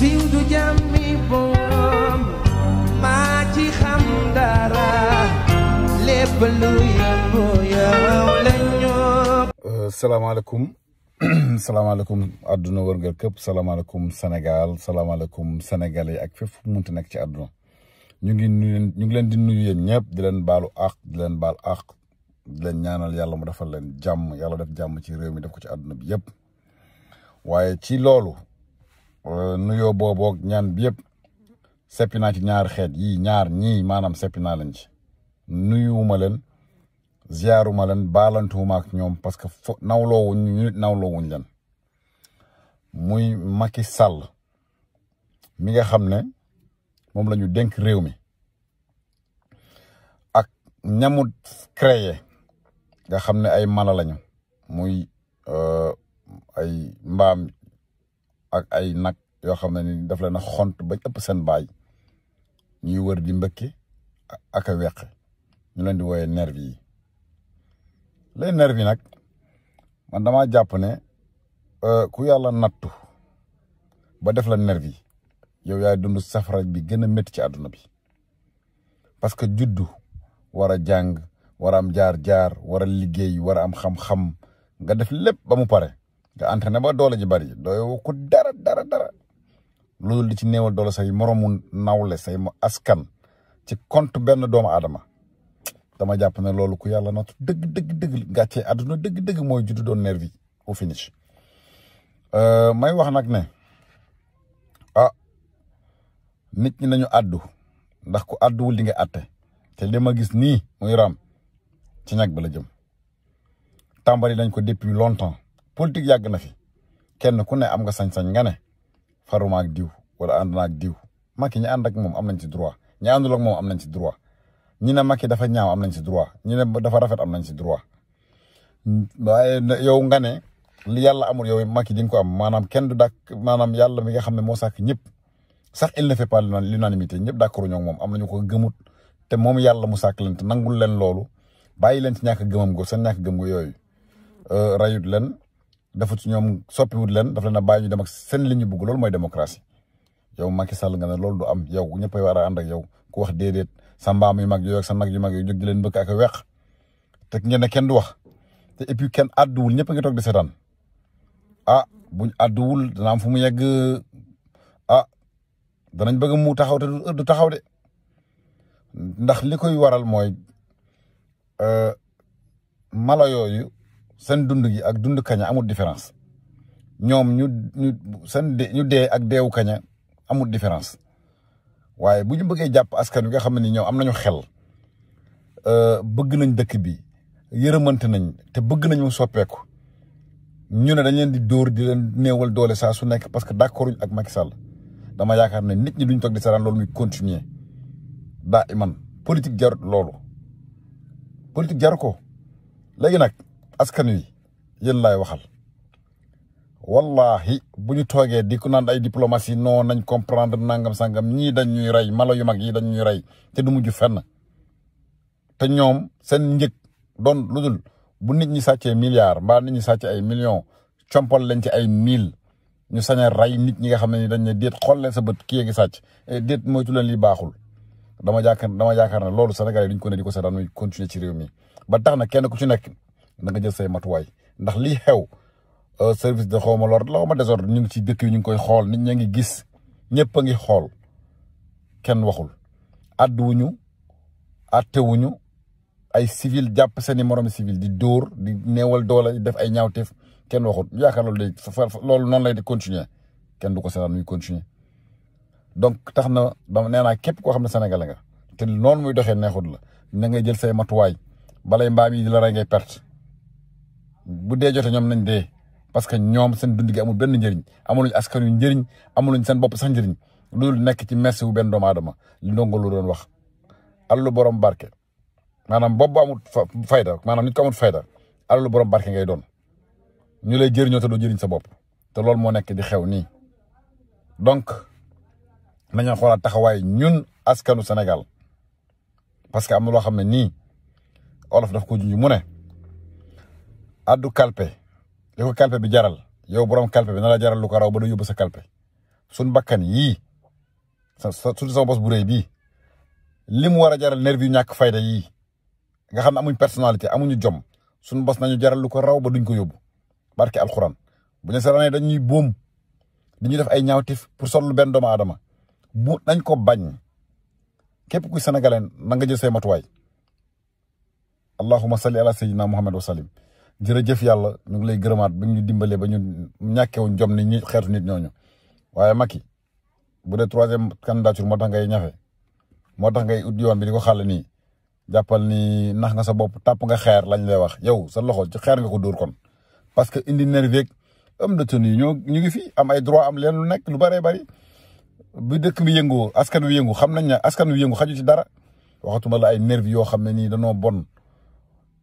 siiw du jàmmi boom maa ci xam dara lépp lu yëngu yow la ñoo. Euh, salaamaaleykum salaamaaleykum àdduna wërngal këpp salaamaaleykum Sénégal salaamaaleykum sénégalais ak fépp fu mu mënti nekk ci àdduna ñu ngi ñu ngi leen di nuyu yen ñëpp di leen baalu àq di leen baal àq di leen ñaanal yàlla mu defal leen jàmm yàlla def jàmm ci réew mi def ko ci àdduna bi waaye ci loolu. Euh, nuyoo booboo ñaan bi yëpp seppi naa ci ñaar xeet yii ñaar ñii maanaam seppi naa lañ ci nuyuwuma leen ziyaaruma leen ak ñoom parce que fo nawloowuñ ñu nit nawloowuñ leen muy maki Sall mi nga xam ne moom lañu ñu dénk réew mi ak ñamu créé nga xam ne ay mala lañu muy euh, ay mbaam ak ay nag yoo xam ne ni daf leen a xont bañ ëpp seen baay ñuy wër di mbëkki ak a weq ñu leen di wooyee nervi yi les nervi nag man dama jàpp ne euh, ku yàlla nattu ba def la nervi yow yaay dund safara bi gën a métti ci àdduna bi parce que juddu war a jàng war a am jaar-jaar war a liggéey war a am xam-xam nga def lépp ba mu pare te entraîné ba doole ji bari doyoo ko dara dara dara loolu di ci néewal doole say moromu nawle say mu askan ci compte benn doomu aadama dama jàpp ne loolu ku yàlla nootu dëgg dëgg dëgg gàccee àdduna dëgg dëgg mooy juddu doon nervi au finish euh, may wax nag ne a ah, nit ñi nañu àddu ndax ku àdduwul di nga àtte te li ma gis nii muy raam ci ñag ba la jëm tàmbali nañ ko depuis longtemps. politique yàgg na fi kenn ku ne am nga sañ-sañ nga ne faruma ak diw wala ànd naa ak diw Macky ñi ànd ak moom am nañ ci droit ñi àndul moom am nañ ci droit ñi ne Macky dafa ñaaw am nañ ci droit ñi ne dafa rafet am nañ si droit waaye yow nga ne li yàlla amul yow Macky di nga ko am maanaam kenn du dàkk maanaam yàlla mi nga xam ne moo sàkk ñëpp sax il ne fait pas l'unanimité ñëpp d'accord ñoo moom am nañu ko gëmut te moom yàlla mu sàkk leen te nangul leen loolu bàyyi leen ci ñàkk gëmam go seen ñàkk gëm go yooyu euh, rayut leen dafa ci ñoom soppiwut leen daf leen a bàyyi ñu dem ak seen li ñu bugg loolu mooy démocratie yow Macky Sall nga ne loolu du am yow ñëpp a war a ànd ak yow ku wax déedéet sa mbaam yu mag yooyu ak sa nag yu mag yooyu jóg leen bëgg ak a weq ngeen ne kenn du wax te et kenn àdduwul ñëpp a ngi toog ah, àdduwul dana am fu mu yegg ah, bëgg mu taxaw te du taxaw de ndax li koy waral mooy euh, mala yooyu. seen dund gi ak dund kaña amul différence ñoom ñu ñu seen de ñu dee ak deewu kaña amul différence waaye bu ñu bëggee jàpp askan wi nga xam ne ñoom am nañu xel euh, bëgg nañ dëkk bi yërëmante nañ te bëgg nañu mu soppeeku ñu ne dañ leen di door di leen néewal doole saa su nekk parce que d'accorduñ ak Macky Sall dama yaakaar ne nit ñi duñ toog di saraan loolu muy continuer daa iman politique jarut loolu politique jaru ko léegi nag askan wi yéen laay waxal wallahi bu ñu toogee di ku naan ay diplomatie non nañ comprendre nangam sangam ñii dañ ñuy rey mala yu mag ñii dañ ñuy rey te du mujj fenn te ñoom seen njëg doon lu dul bu nit ñi sàccee milliards mbaa nit ñi sàcce ay millions compal leen ci ay mille ñu sañ a rey nit ñi nga xam ne dañ ne déet xool leen sa bët kii ngi sàcc eh, déet moytu leen li baaxul dama jaakaar dama jaakaar ne loolu Sénégal yi duñ ko ne di ko seetaan muy continuer ci réew mi ba tax na kenn ku ci nekk. da nga jël say matuwaay ndax lii xew euh, service de xaw ma l'ordre la xaw ma désordre ñu ngi ci dëkk ñu ngi koy xool nit ña ngi gis ñëpp a ngi xool kenn waxul àdduwuñu wuñu ay civil jàpp seeni morom civil di dóor di neewal doole di def ay ñaawteef kenn waxul ñu yaakaar loolu day loolu noonu lay di continuer kenn du ko seetaan muy continuer donc tax na dama nee naa képp koo xam ne senegale nga te noonu muy doxee neexut la na ngay jël say matuwaay balay mbaam yi di la rey perte bu dee jotee ñoom nañ dee parce que ñoom seen dund amul benn njëriñ amuluñ askan wi njëriñ amuluñ seen bopp sax njëriñ loolu nekk ci merci wu benn doomu aadama li ndongo lu doon wax. alalu borom barke maanaam bopp bu amul fayda maanaam nit ko amul fayda alalu borom barke ngay doon ñu lay jëriñoo te doo jëriñ sa bopp te loolu moo nekk di xew nii donc nañu xoolaat taxawaay ñun askanu Sénégal parce que am loo xam ne nii olof def ko junj mu ne. addu kalpe li ko kalpe bi jaral yow borom kalpe bi nala la jaral lu ko raw ba du yóbbu sa kalpe sun bakkan yii sa suñu sama bos bu rëy bii li mu war a jaral nervi yu ñàkk fayda yii nga xam ne amuñ personnalité amuñu jom suñu bos nañu jaral lu ko raw ba duñ ko yóbbu barke alxuraan bu ñu saranee dañuy buum dañuy def ay ñawtif pour sol lu benn doomu aadama bu nañ ko bañ képp kuy sénégalais na nga jël see matuwaay allahumma salli ala sayyidina muhammad wa salim jërëjëf yàlla ñu ngi lay gërëmaat bi ñu dimbalee ba ñu ñàkkewuñ jom ni ñi xeetu nit ñooñu waaye Macky bu dee troisième candidature moo tax ngay ñafe moo tax ngay ut yoon bi di ko nii jàppal ni nax nga sa bopp tàpp nga xeer lañ lay wax yow sa loxo ci xeer nga ko dóor kon parce que indi nerveeg am de tenue ñoo ñu ngi fi am ay droit am leen lu nekk lu bëree bari bu dëkk bi yëngu askan wi yëngu xam nañ ne askan wi yëngu xaju ci dara waxatuma la ay nerve yoo xam ne nii danoo bon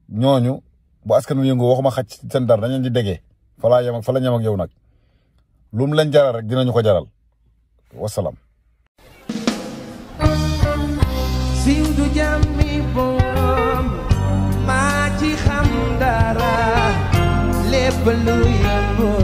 ñooñu bu askan wi yëngoo waxuma xaj seen dara dañ leen di déggee fa laa yem ak fa yow nag lum leen jaral rek dinañu ko jaral wasalaam. siiw du boom maa xam dara lépp lu yëngoo